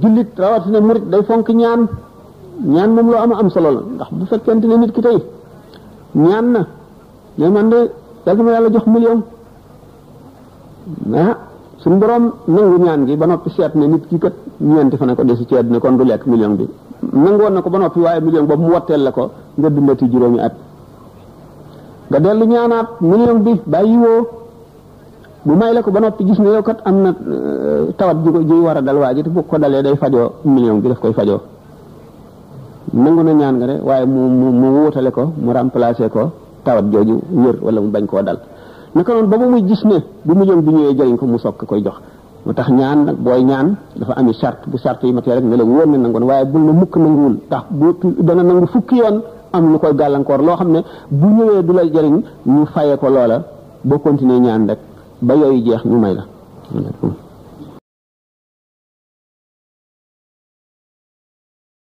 jullit rawat murid day fonk ñaan ñaan mom lo am am solo la ndax bu fekkente ne nit ki tay ñaan na ne man de dag ma yalla jox million na sun borom nangu ñaan gi ba nopi set ne nit ki kat ñent fa ne ko desi ci àdduna kon du lek million bi nangu won nako ba nopi waye million boobu mu wotel lako nga dundati juroomi at nga delu ñaanat million bi bàyyi wo bu may la ko ba noppi gis ne yow kat am na euh, tawat ji ko ji war a dal waa ji te bu ko dalee day fajoo million bi daf koy fajoo nangu na ñaan nga de waaye mu mu mu wóotale ko mu remplacer ko tawat jooju wér wala mu bañ koo dal naka noonu ba ba muy gis ne bu million bu ñëwee jëriñ ko mu sokk koy jox mu tax ñaan nag booy ñaan dafa ami charte bu charte yi matee rek ne la wóor na nangoon waaye bul na mukk nanguwul ndax bu dana nangu fukki yoon am lu koy gàllankoor loo xam ne bu ñëwee du la jëriñ ñu faye ko loola boo continuer ñaan rek ba yooyu jeex ñu may la